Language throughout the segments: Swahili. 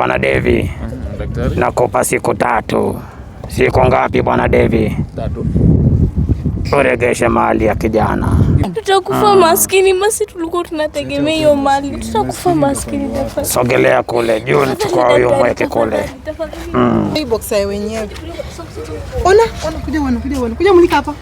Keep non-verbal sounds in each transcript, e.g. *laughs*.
Bwana Devi, Daktari, nakupa siku tatu. Siku ngapi Bwana Devi? Tatu. Uregeshe mali ya kijana. Tutakufa ah, maskini, basi tulikuwa tunategemea hiyo mali, tutakufa maskini. Sogelea kule juu, chukua huyo mweke kule. Mm. Hii box yenyewe. Ona, ona kuja, ona kuja, ona kuja, mlika hapa.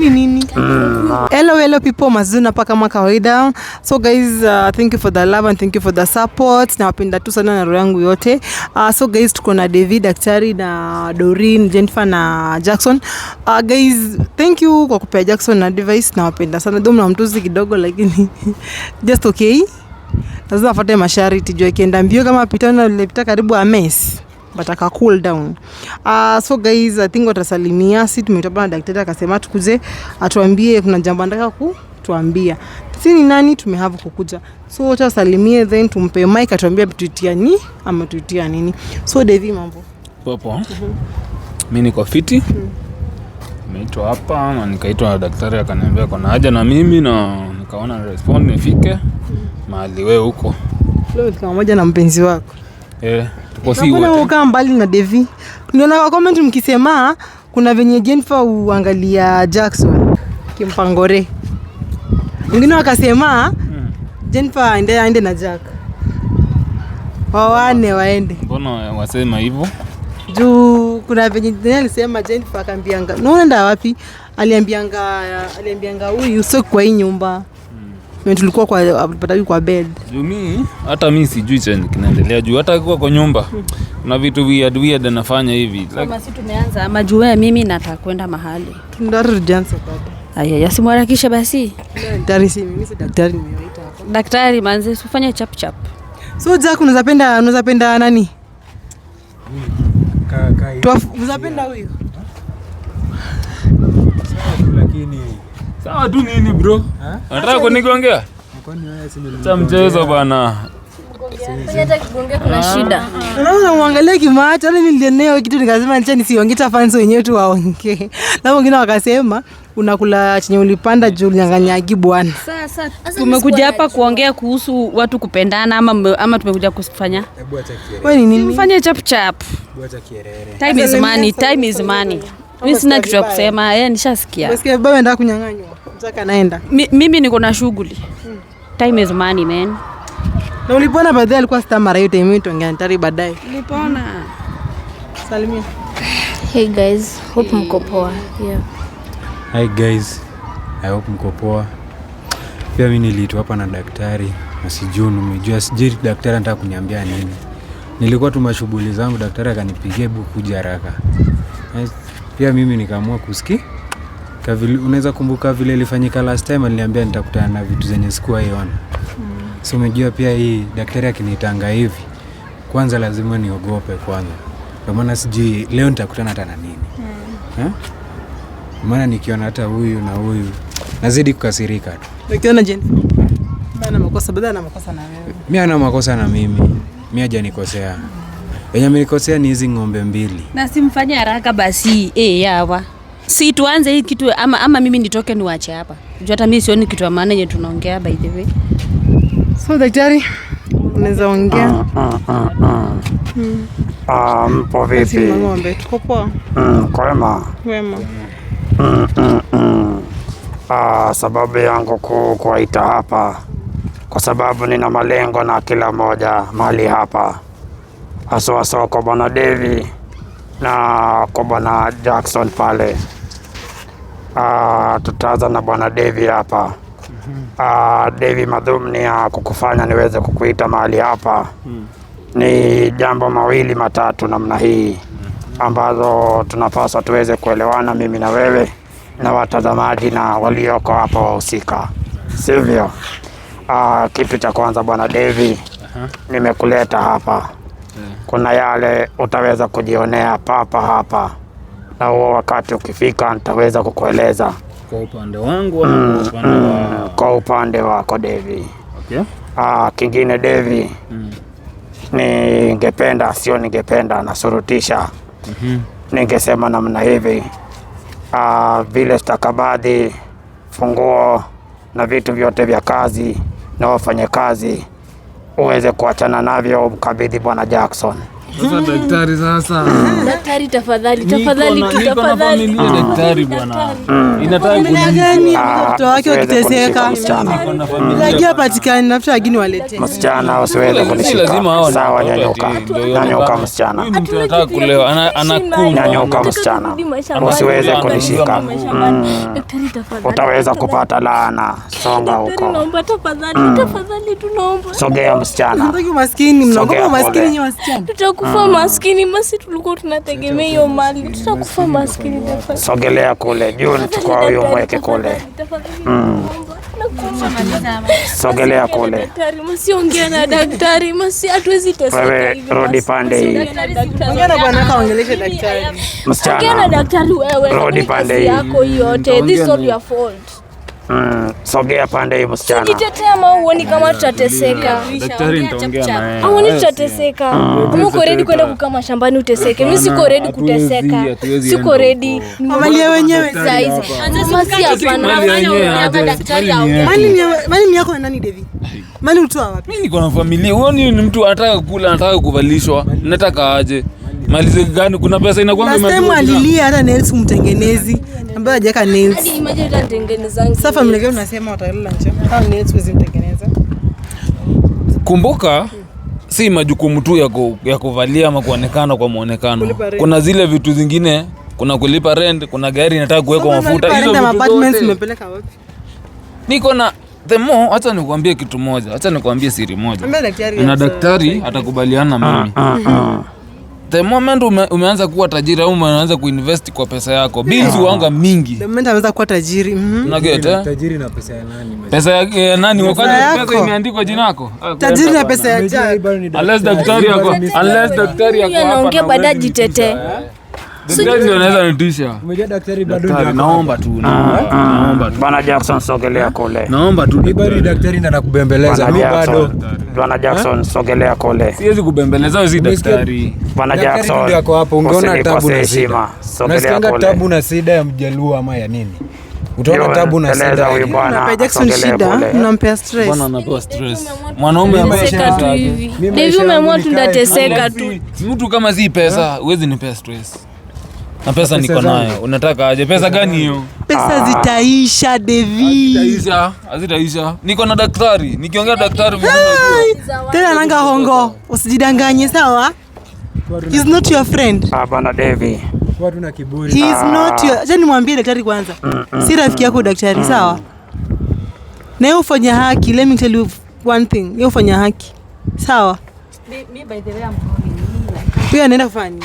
Hii nini? Mm. Hello hello people, mazuna paka kama kawaida. So guys, uh, thank you for the love and thank you for the support. Nawapenda tu sana na roho yangu yote. Uh, so guys, tuko na David Daktari na Doreen, Jennifer na Jackson. Uh, guys, thank you kwa kupea Jackson na device. Nawapenda sana. Dom na mtuzi kidogo lakini *laughs* just okay. Lazima afuate masharti juu akienda mbio kama pitana lilipita karibu ames bataka cool down. Uh, so guys, I think watasalimia, si tumetapa na daktari akasema tukuze atuambie kuna jambo anataka kutuambia. Si ni nani tumehave kukuja. So wasalimie then tumpe mic atuambie tuitia ni ama tutia nini. So Devi, mambo popo. Mm -hmm. Mimi niko fiti. Mm. Nimeitwa hapa na nikaitwa na daktari akaniambia kuna haja na mimi na nikaona respond nifike mhm. mahali wewe huko. Leo kama moja na mpenzi wako. Eh, tuko mbali na Devi. Niona kwa comment mkisema kuna venye Jennifer uangalia Jackson kimpangore. Wengine wakasema hmm, Jennifer aende aende na Jack. Wawane waende. Mbona wasema hivyo? Juu kuna venye Daniel alisema Jennifer akambianga, "Unaenda wapi?" Aliambianga aliambianga huyu sio kwa hii nyumba tulikuwa kwa kwa bed. Jumi hata mi sijui chenye kinaendelea juu hata kwa kwa nyumba na vitu weird weird anafanya hivi kama si tumeanza ama juu mimi natakwenda kwenda mahali tundarujansa kwa aya yasimharakishe basi daktari si mimi si daktari nimewaita hapa daktari manze usifanye chap chap so Jack unaweza penda unaweza penda nani kaka unaweza penda huyo lakini Sawa tu nini bro? Unataka kunigongea? Cha mchezo yaani Kuna ah. shida. Unaona kimacho, mimi yaani kitu nikasema nicha nisiongee fans wenyewe tu waongee. Na wengine wakasema unakula chenye ulipanda juu bwana. Sasa tumekuja hapa kuongea kuhusu watu kupendana ama ama tumekuja kufanya? Wewe ni nini? chap chap. Time is money, time is money. Mimi sina kitu ya kusema, yeye eh, nishasikia. Unasikia baba anaenda kunyang'anywa. Mtaka anaenda. Mimi niko na shughuli. Hmm. Time is money man. Na ulipona baadaye alikuwa star mara yote mimi tuongea ntari baadaye. Ulipona. Salimia. Hey guys, hope hey. Mko poa. Yeah. Hi guys. I hope mko poa. Pia mimi niliitwa hapa na daktari na sijuni, umejua sijui daktari anataka kuniambia nini. Nilikuwa tu mashughuli zangu, daktari akanipigia hebu kuja haraka. Pia mimi nikaamua kuski Kavili, unaweza kumbuka vile ilifanyika last time, aliniambia nitakutana na vitu zenye sikuwa iona Mm. So umejua pia hii daktari akinitanga hivi kwanza lazima niogope kwanza, kwa maana sijui leo nitakutana hata na nini. Mm. Eh? Maana nikiona hata huyu na huyu nazidi kukasirika tu. Ukiona Jane bana makosa na makosa na wewe. Mimi ana makosa na mimi. Mimi hajanikosea. Mm. Wenye amenikosea ni hizi ng'ombe mbili. Na simfanye haraka basi. Eh, yawa. Si tuanze hii kitu ama, ama mimi nitoke niwache hapa. Jua hata mimi sioni kitu ya maana yenye tunaongea by the way. So daktari, unaweza ongea. Ah, ah, ah, ah. Hmm. Ah, mpo vipi? Ng'ombe tuko poa. Mm, kwema. Kwema. Mm, mm, mm. Ah, sababu yangu kuu kuwaita hapa kwa sababu nina malengo na kila moja mali hapa hasa hasa kwa bwana Devi na kwa bwana Jackson pale. Uh, tutaanza na bwana Devi hapa. Uh, ah, Devi, madhumni ya kukufanya niweze kukuita mahali hapa ni jambo mawili matatu namna hii ambazo tunapaswa tuweze kuelewana mimi na wewe na watazamaji na walioko hapa wahusika, sivyo? Uh, kitu cha kwanza bwana Devi, nimekuleta hapa kuna yale utaweza kujionea papa hapa, na huo wakati ukifika nitaweza kukueleza kwa upande wangu mm, upande mm, wa... kwa upande wako Devi. Okay. Ah, kingine Devi mm. Ningependa sio, ningependa nasurutisha mm -hmm. Ningesema namna hivi ah, vile stakabadhi, funguo na vitu vyote vya kazi na wafanyakazi uweze kuachana navyo, mkabidhi Bwana Jackson. Sasa mm. daktari, sasa daktari, tafadhali tafadhali tu tafadhali, ah, daktari bwana, mm. inataka kunini ah, mtoto wake akiteseka? Najua patikani na mtu mm. agini walete msichana, usiweze kunishika. lazima hao Sawa, nyanyuka, nyanyuka msichana, anataka kulewa, anakunywa. Nyanyuka msichana, usiweze kunishika, daktari tafadhali, utaweza kupata laana. Songa huko, naomba tafadhali, tafadhali, tunaomba. Sogea msichana, maskini mnaogopa maskini, nyinyi wasichana tutakufa ah. maskini. Basi tulikuwa tunategemea hiyo mali, tutakufa maskini. Sogelea kule juu, nachukua huyo mweke kule. Mm. Sogelea kule, msiongea na daktari, msi hatuwezi teseka. rodi pande hii, ongea na daktari wewe, pande hii yako yote, this all your fault Mm, sogea pande hiyo msichana. Sikitetea maua uone kama tutateseka. Daktari nitaongea naye. Au ni tutateseka. Ah. Mimi uko ready kwenda kukama shambani uteseke. Mimi siko ready kuteseka. Siko ready. Angalia wenyewe size. Masi hapana. Hapa daktari aongee. Mali mali yako na nani Devi? Mali utoa wapi? Mimi niko na familia. Wewe ni mtu anataka kula, anataka kuvalishwa. Nataka aje? malize gani? Kuna pesa inakwanga last time alilia hata nails mtengenezi ambaye hajaka nails. Hadi imagine utatengenezanga. Sasa familia yako unasema watalala nje. Hao nails huwezi mtengeneza. Kumbuka si majukumu tu ya, ku, ya kuvalia ama kuonekana kwa muonekano. Kuna zile vitu zingine, kuna kulipa rent, kuna gari inataka kuwekwa mafuta. Hizo vitu apartments umepeleka wapi? Niko na the more, hata nikuambie kitu moja, hata nikuambie siri moja, na daktari atakubaliana mimi ah, ah, ah the moment ume, umeanza kuwa tajiri au umeanza kuinvest kwa pesa yako bills huanga mingi. pesa ya nani? imeandikwa jina lako. Tajiri na pesa ya Unless daktari yako, unless daktari yako Anaongea baada Bwana Jackson, sogelea daktari na nakubembeleza. sogelea kule. Siwezi kubembeleza daktari. Bwana Jackson, tabu na sida ya mjaluo ama ya nini? Utaona tabu na shida. Mtu kama si pesa, huwezi nipea stress na pesa niko nayo. Unataka aje? Pesa gani hiyo? Pesa ah. zitaisha Devi, hazitaisha. Niko na daktari, nikiongea daktari tena nanga hongo, usijidanganye sawa? He's not your friend. Ah, bana Devi. watu na kiburi. He's ah. not your... Acha nimwambie daktari kwanza, si rafiki yako daktari, sawa? Na yeye ufanya haki. Let me tell you one thing, yeye ufanya haki, sawa? Mimi by the way, I'm calling huyo anaenda kufanya nini?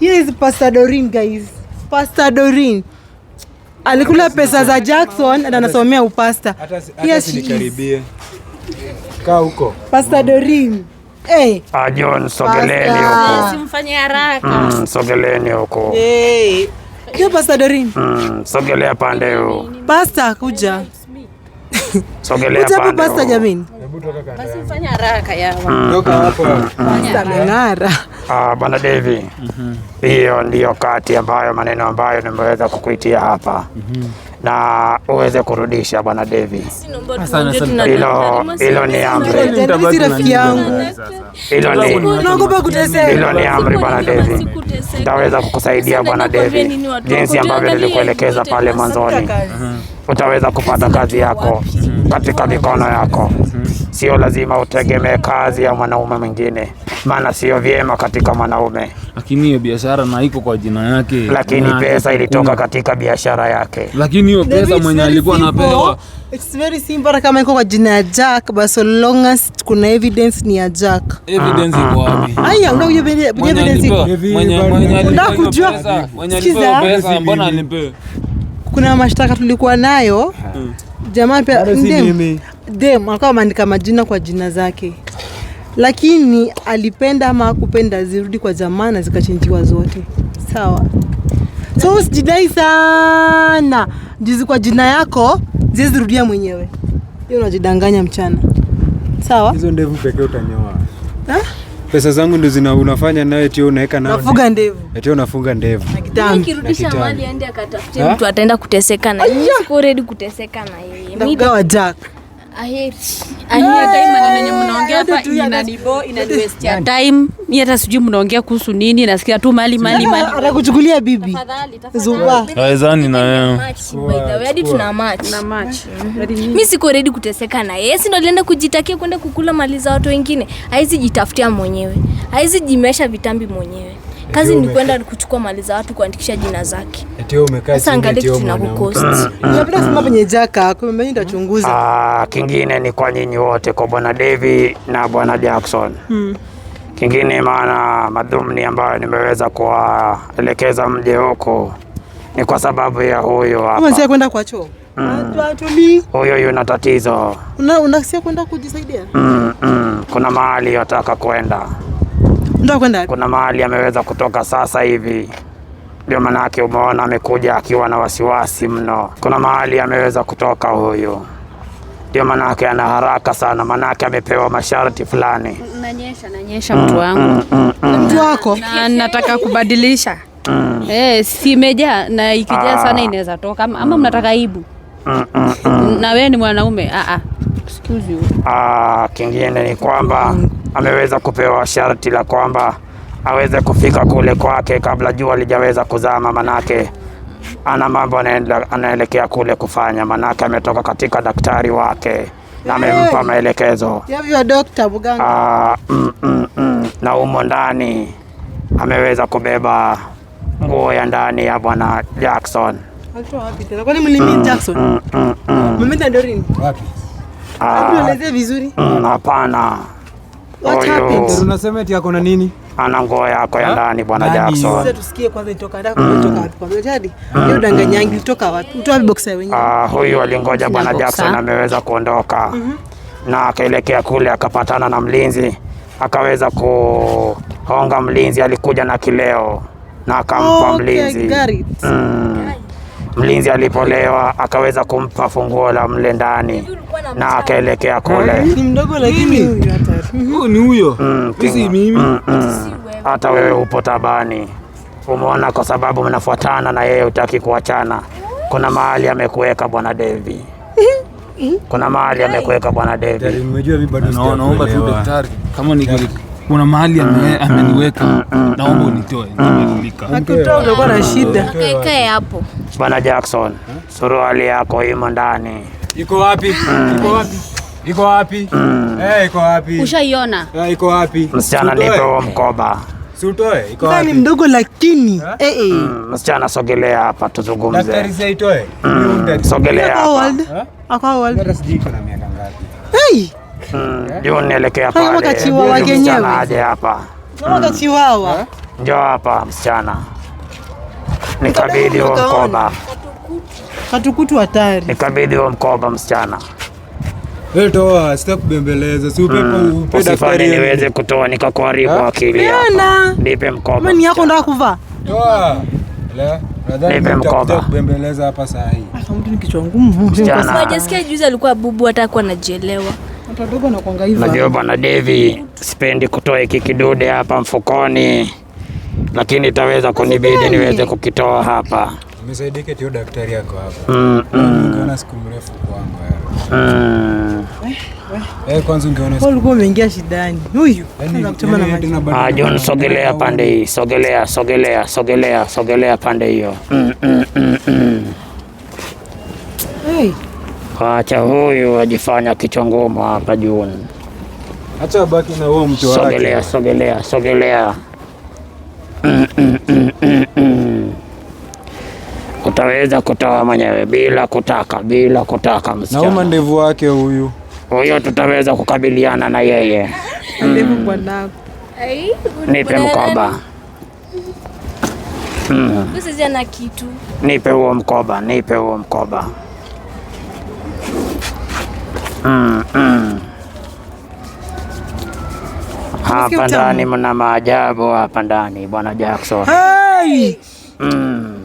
Yes, Pastor Doreen guys. Pastor Doreen alikula pesa za Jackson na anasomea upasta. Yes, kaa huko. Pastor Doreen. Hey. Eh. Ah, John, sogeleni huko. Simfanye haraka. Mm, sogeleni huko. Hey. Eh. Pastor Doreen. Mm, sogelea pande huko. Pastor kuja. Sogelea Pasta mm. mm, mm. Ah, Bwana Devi. Mm-hmm. Hiyo ndiyo kati ambayo maneno ambayo nimeweza kukuitia hapa mm-hmm. na uweze kurudisha Bwana Devi. Hilo ni amri, hilo ni amri Bwana Devi, ntaweza kukusaidia Bwana Devi, jinsi ambavyo nilikuelekeza pale mwanzoni utaweza kupata kazi yako mm-hmm. katika mikono yako. Mm-hmm. Sio lazima utegemee kazi ya mwanaume mwingine, maana sio vyema katika mwanaume. Lakini hiyo biashara na iko kwa jina yake, lakini pesa ilitoka kuna katika biashara yake, lakini hiyo pesa mwenye alikuwa anapewa It's very simple kama iko kwa jina ya Jack, but so long as kuna evidence ni ya Jack. Evidence iko ah, ah, wapi? Aya, unajua evidence iko. Mwenye mwenye alikuwa pesa, pesa mbona alipewa? kuna mashtaka tulikuwa nayo hmm. jamaa pia dem alikuwa ameandika majina kwa jina zake, lakini alipenda ama akupenda zirudi kwa jamaa na zikachinjiwa zote, sawa. So usijidai sana jizi kwa jina yako zizirudia mwenyewe, hiyo unajidanganya mchana, sawa. Hizo ndevu pekee utanyoa pesa zangu ndio zina unafanya nayo eti unaweka nawe unafunga ndevu eti unafunga ndevu nikirudisha mali aende akatafute mtu ataenda kuteseka na yeye siko ready kuteseka na yeye mimi time mi hata sijui mnaongea kuhusu nini, nasikia tu mali mali mali. Atakuchukulia bibi awezani na wewe. Mhm. Mi siko redi kuteseka na yeye, si ndo alienda kujitakia kwenda kukula mali za watu wengine. Haizi jitafutia mwenyewe, haizi jimesha vitambi mwenyewe. Kazi ni kwenda kuchukua mali za watu kuandikisha jina zake. Sasa angalia kitu tunakukosti. Mm, mm, Unapenda mm. sema penye jaka, kwa mimi nitachunguza. Ah, kingine ni kwa nyinyi wote kwa bwana Devi na bwana Jackson. Mm. Kingine maana madhumuni ambayo nimeweza kuwaelekeza mje huko ni kwa sababu ya huyo hapa. Unaweza kwenda kwa choo. Huyo yuna tatizo. Una, unasikia kwenda kujisaidia? Mm, mm. Kuna mahali yataka kwenda. Ndio kwenda. Kuna mahali ameweza kutoka sasa hivi ndio manake umeona amekuja akiwa na wasiwasi mno. Kuna mahali ameweza kutoka huyu, ndio yake ana haraka sana, yake amepewa masharti fulani. Nanyesha, nanyesha mtu mm, wangu, mm, mm, mtu wako, na nataka kubadilisha. Eh, meja na ikijaa sana ah. inaweza toka, ama mnataka aibu? Na wewe ni mwanaume? Ah ah, excuse you. Ah, kingine ni kwamba ameweza kupewa sharti la kwamba aweze kufika kule kwake kabla jua lijaweza kuzama, manake ana mambo anaelekea kule kufanya, manake ametoka katika daktari wake na amempa maelekezo ah, mm, mm, mm. na umo ndani ameweza kubeba nguo ya ndani ya bwana Jackson. Ah, hapana. What oh, happened? Unasema eti yako na nini? Ana nguo yako ya ndani bwana Jackson. Sasa tusikie kwanza itoka ndako mm. kutoka wapi kwa jadi. Mm. Hiyo danganya yangu kutoka wapi? Mtoa boxer wenyewe. Ah, huyu alingoja bwana Jackson ameweza kuondoka. Mm -hmm. Na akaelekea kule akapatana na mlinzi. Akaweza kuhonga mlinzi, alikuja na kileo na akampa oh, okay, mlinzi. Mm. Mlinzi alipolewa akaweza kumpa funguo la mle ndani na akaelekea kule. Ni ah, mdogo lakini mm-hmm. ni huyo. Mm, mm, mm. Hata wewe upo tabani, umeona, kwa sababu mnafuatana na yeye utaki kuachana. Kuna mahali amekuweka Bwana Devi, *laughs* kuna mahali amekuweka Bwana Devi. Umejua mimi bado naomba tu daktari, kama ni kuna mahali mm, mm, ameniweka, mm, naomba unitoe, nimebadilika. na shida. Kae hapo bana Jackson, suruali yako imo ndani. Iko wapi? Iko wapi? Iko wapi? Eh, iko wapi? Ushaiona? Eh, iko wapi? Msichana, nipe huo mkoba. Si utoe? Iko yaani wapi? Ni mdogo lakini. Eh, eh. eh. Msichana, sogelea hapa tuzungumze. Daktari si itoe. Sogelea hapa. Eh? Ako miaka ngapi? Hey! Hmm. Ndio nielekea pale. Wakachiwawa wenyewe. Aje hapa. Wakachiwawa. Hmm. Ndio hapa msichana. Nikabidhi huo mkoba. Katukutu hatari. Nikabidhi huo mkoba msichana. Wewe toa, sitaki kubembeleza. Si upepo hmm. upe daftari. Niweze kutoa nikakuharibu akili. Nipe mkoba. Mimi yako ndio kuvaa. Toa. Kubembeleza hapa saa hii. Mtu ni kichwa ngumu. Sijasikia juzi alikuwa bubu hata kwa anajielewa. Najua bwana Devi, sipendi kutoa hiki kidude hapa mfukoni, lakini itaweza kunibidi niweze kukitoa hapa. Umesaidike tu daktari yako hapa. Mm. mm. Ungeona siku mrefu kwangu wewe. Mm. Eh, eh, kwanza ungeona siku. Ulikuwa umeingia shidani. Huyu. Yaani, yaani ah, John sogelea pande hii, sogelea, sogelea, sogelea, sogelea pande hiyo. Mm. mm Acha huyu ajifanya kichwa ngumu hapa juu. Acha abaki na huo mtu wake. Sogelea, sogelea, sogelea. Mm, mm, mm, Utaweza kutoa mwenyewe bila kutaka, bila kutaka msichana. Na mandevu wake huyu huyo tutaweza kukabiliana na yeye. Mm. Nipe mkoba. kitu. Nipe huo mkoba, nipe huo mkoba. Mm, mm. Hapa ndani mna maajabu hapa ndani Bwana Jackson. Hey! Mm.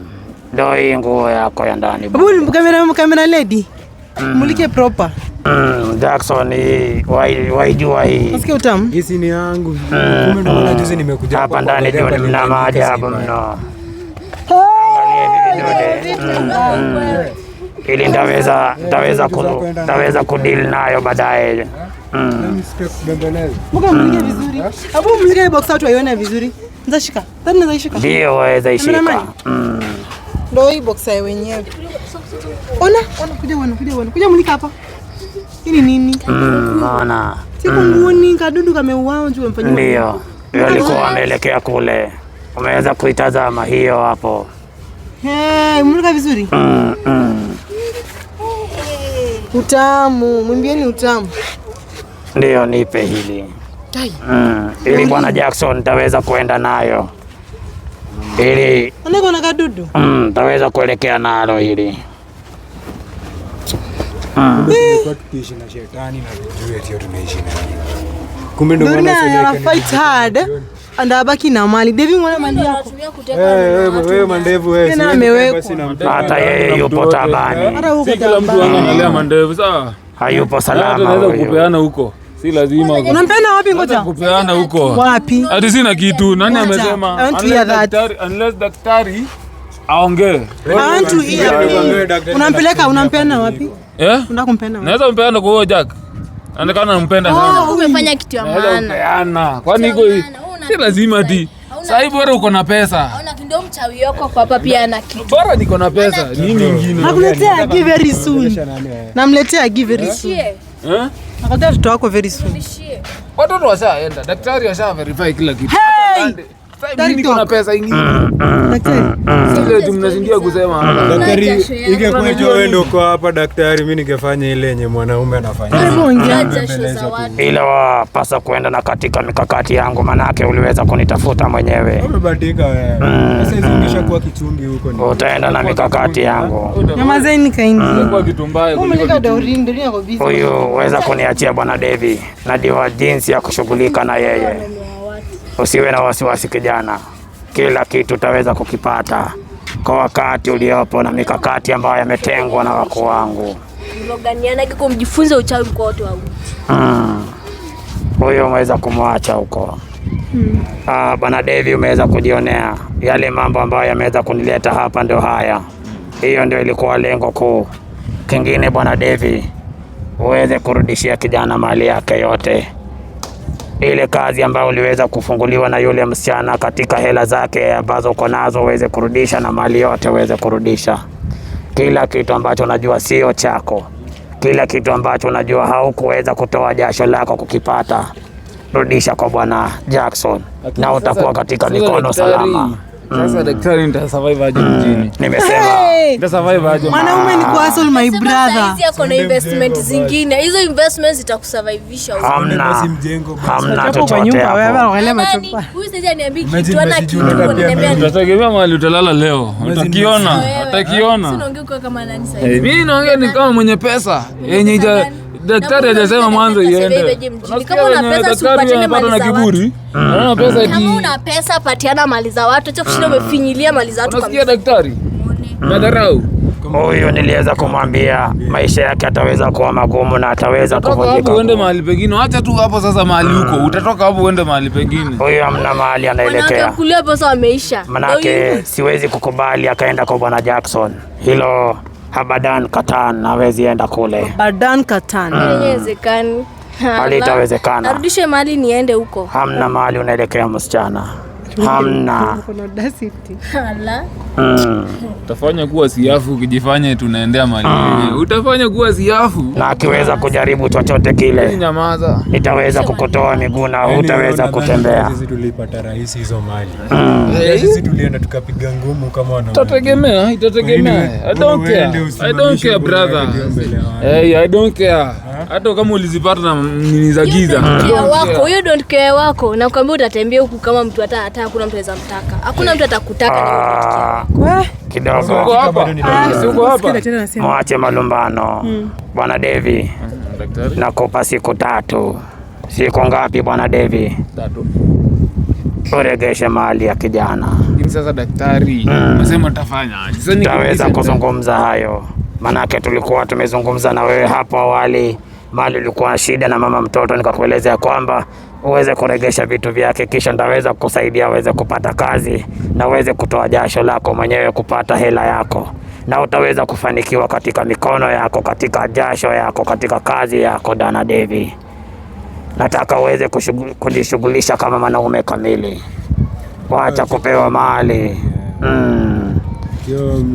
Ndio hii nguo yako ya ndani. Bwana kamera kamera lady. Mm. Mulike proper. Mm, Jackson waijua hii. Nasikia utamu. Hizi ni yangu. Mm. Kumbe ndio maana juzi nimekuja hapa. ndani ndio mna maajabu mno. Angalia hivi vidude ili ndaweza eh, ndaweza ndaweza kudili nayo baadaye. Eh, hmm. hmm. eh? Ndio waweza ishika hmm. ndio hii box ya wenyewe. Ona, ona kuja wana kuja wana kuja mulika hapa. Hili nini? Mm, ona. Siku nguoni kadudu kameuao juu mfanyia. Ndio. Yeye alikuwa ameelekea kule. Umeweza kuitazama hiyo hapo. Eh, mulika vizuri? Mm, mm. Utamu, mwimbieni utamu. Ndiyo, nipe hili mm, ili bwana Jackson taweza kuenda nayo ili na kadudu mm, nitaweza taweza kuelekea nalo hili mm. Andabaki na mali. Devi mwana mali yako. Eh, wewe mandevu wewe. Tena amewekwa. Hata yeye yupo tabani. Hata huko kila mtu anaangalia mandevu sawa. Hayupo salama. Hata naweza kupeana huko. Si lazima. Unampenda wapi ngoja? Kupeana huko. Wapi? Hadi sina kitu. Nani amesema? Daktari unless daktari aongee. Unampeleka unampenda wapi? Eh? Unataka kumpenda wapi? Naweza kumpeana kwa huyo Jack. Anaonekana anampenda oh, sana. Umefanya kitu ya maana. Kwani iko si lazima ati sahii bora uko na pesa bora niko na pesa nini ingine nakuletea give very soon namletea give very soon nakataa mtoto wako very soon watoto washaenda daktari asha verify kila kitu hey! Daktari, niko na ingekuwa ah, ah, ah, hapa daktari, ningefanya ile yenye mwanaume anafanya. Ila wapasa kuenda na katika mikakati yangu, manake uliweza kunitafuta mwenyewe. Mm. Utaenda na mikakati yangu. Eh? Huyu weza kuniachia bwana Devi na jinsi ya kushughulika na yeye. Usiwe na wasiwasi kijana, kila kitu utaweza kukipata kwa wakati uliopo na mikakati ambayo yametengwa na wako wangu. Hmm. Huyo mm, umeweza kumwacha huko mm. Ah, bwana Devi, umeweza kujionea yale mambo ambayo yameweza kunileta hapa, ndio haya. Hiyo ndio ilikuwa lengo kuu. Kingine bwana Devi, uweze kurudishia kijana mali yake yote ile kazi ambayo uliweza kufunguliwa na yule msichana katika hela zake ambazo uko nazo uweze kurudisha, na mali yote uweze kurudisha. Kila kitu ambacho unajua sio chako, kila kitu ambacho unajua haukuweza kutoa jasho lako kukipata, rudisha kwa Bwana Jackson na utakuwa katika mikono salama. Sasa hmm. daktari, nita survive aje hmm. mjini? Nimesema nita survive aje? Mwanaume ni kwa hustle my brother. Sasa ako na investment zingine, hizo investments zitakusurvivisha wewe. Hamna mjengo Hamna chochote hapo. Wewe wale matopa. Huyu sasa niambi kitu ana kitu niambi Tutategemea mahali utalala leo. Utakiona, utakiona. Sinaongea kama nani sasa. Mimi naongea ni kama mwenye pesa yenye Daktari hajasema mwanzo iende. Kama una pesa usipatiane mali za kiburi. Unaona ah. pesa ki... Kama una pesa patiana mali za watu, acha kushinda ah. umefinyilia mali za watu Unasikia daktari? Nadarau. Mm. Huyu niliweza kumwambia maisha yake ataweza kuwa magumu na ataweza kuvunjika. Uende mahali pengine, acha tu hapo sasa mahali huko. Mm. Utatoka hapo uende mahali pengine. Huyu hamna mahali anaelekea. Kulia Manake siwezi kukubali akaenda kwa Bwana Jackson. Hilo Abadan katan, hawezi enda kule. Abadan katan, mm. haiwezekani. Halitawezekana. Arudishe mali niende huko. Hamna mali unaelekea msichana hamna. Mm. Utafanya kuwa siafu ukijifanya tunaendea mali. Mm. Utafanya kuwa siafu. Na akiweza kujaribu chochote kile, nyamaza, nitaweza kukutoa miguu na yaani hutaweza kutembea. Sisi tulipata rahisi hizo mali, mm. eh, yaani sisi tulienda tukapiga ngumu kama wana. Itategemea, itategemea. I don't care, I don't care brother. Hey, I don't care hata kama ulizipata na nini za giza wako hiyo don't care wako, na ukaambia utatembea huku kama mtu hata hata hakuna mtu anaweza mtaka, hakuna mtu atakutaka ah. eh? kidogo. Ah, Mwache malumbano hmm. bwana Devi, nakupa siku tatu. Siku ngapi bwana Devi? Tatu. Uregeshe mali ya kijana. Sasa daktari, unasema hmm. tafanya sasa, nitaweza kuzungumza hayo, maanake tulikuwa tumezungumza na wewe hapo awali mali ulikuwa shida na mama mtoto, nikakueleza kwamba uweze kuregesha vitu vyake, kisha ndaweza kukusaidia uweze kupata kazi na uweze kutoa jasho lako mwenyewe kupata hela yako, na utaweza kufanikiwa katika mikono yako, katika jasho yako, katika kazi yako. Dana Devi, nataka uweze kujishughulisha kama mwanaume kamili, wacha kupewa mali mm.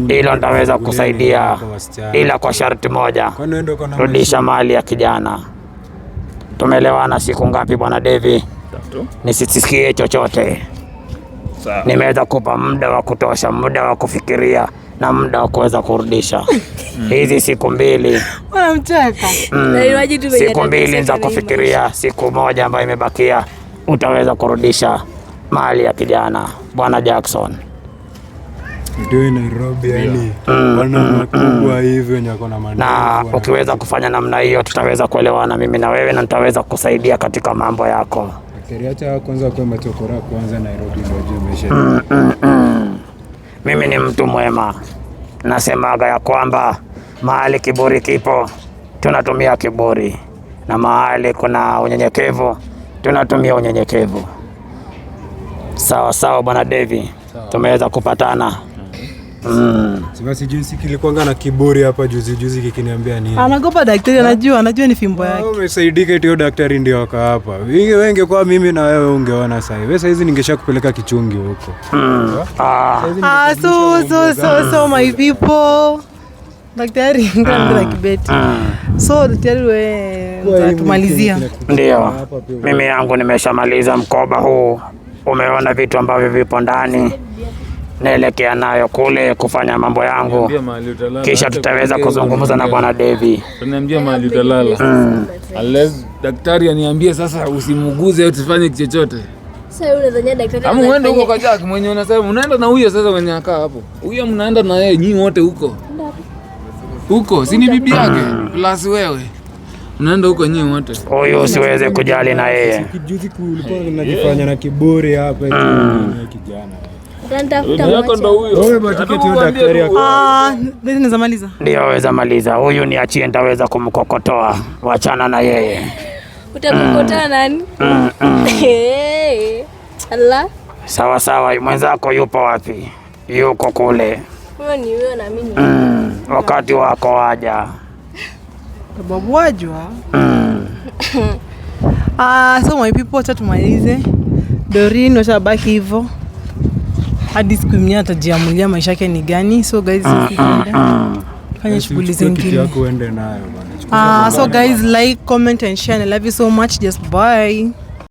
Hilo nitaweza kusaidia, ila kwa sharti moja, rudisha mali ya kijana. Tumelewana siku ngapi, bwana Devi? Nisisikie chochote. Nimeweza kupa muda wa kutosha, muda wa kufikiria na muda wa kuweza kurudisha *laughs* hizi siku mbili mm. siku mbili za kufikiria, siku moja ambayo imebakia utaweza kurudisha mali ya kijana, bwana Jackson. Ndio Nairobi yani mm, wana mm, makubwa mm, hivi wenye wako na Na ukiweza kufanya namna hiyo tutaweza kuelewana mimi na wewe na nitaweza kukusaidia katika mambo yako. Keriacha kwanza kwa matokora kwanza Nairobi ndio umesha. Mimi ni mtu mwema. Nasemaga ya kwamba mahali kiburi kipo tunatumia kiburi na mahali kuna unyenyekevu tunatumia unyenyekevu. Sawa sawa, bwana Devi, tumeweza kupatana mm. Basi juzi kilikuanga na kiburi hapa juzi juzi kikiniambia nini? Anagopa daktari anajua, anajua ni fimbo yake. Oh, umesaidika tu daktari ndio aka hapa. wengi kwa mimi na wewe ungeona sasa. hivi. sasa hizi ningesha kupeleka kichungi huko. Mm. Ah. Ah, so so so so my people. Daktari *laughs* ndio mm. kibeti. Mm. So daktari wewe tumalizia. Ndio. Mimi yangu nimeshamaliza mkoba huu. Umeona vitu ambavyo vipo ndani naelekea nayo kule kufanya mambo yangu, kisha tutaweza kuzungumza na bwana Devi. Niambia mahali utalala. Mm. Daktari aniambie sasa, usimuguze au tusifanye chochote. Ama uende huko kwa Jack mwenye unasema unaenda na huyo sasa mwenye akaa hapo, huyo mnaenda na yeye nyinyi wote huko huko, si ni bibi yake mm. plus wewe mnaenda huko nyinyi wote. Huyo usiweze kujali na yeye. Kijuzi kulikuwa na kifanya na kiburi hapa mm. kijana Ah, ndio, weza maliza huyu, ni achie, ntaweza kumkokotoa. Wachana na yeye. Mm. nani? Mm, mm. *laughs* Sawa sawa, mwenzako yupo wapi? Yuko kule. Wakati wako waja sababu wajwa. *laughs* Ah, so my people, acha tumalize. washabaki hivyo hadi siku mwenyewe atajiamulia maisha yake ni gani. So guys, ah, ah, ah. fanya shughuli zingine. So guys, like, comment and share. I love you so much. Just bye.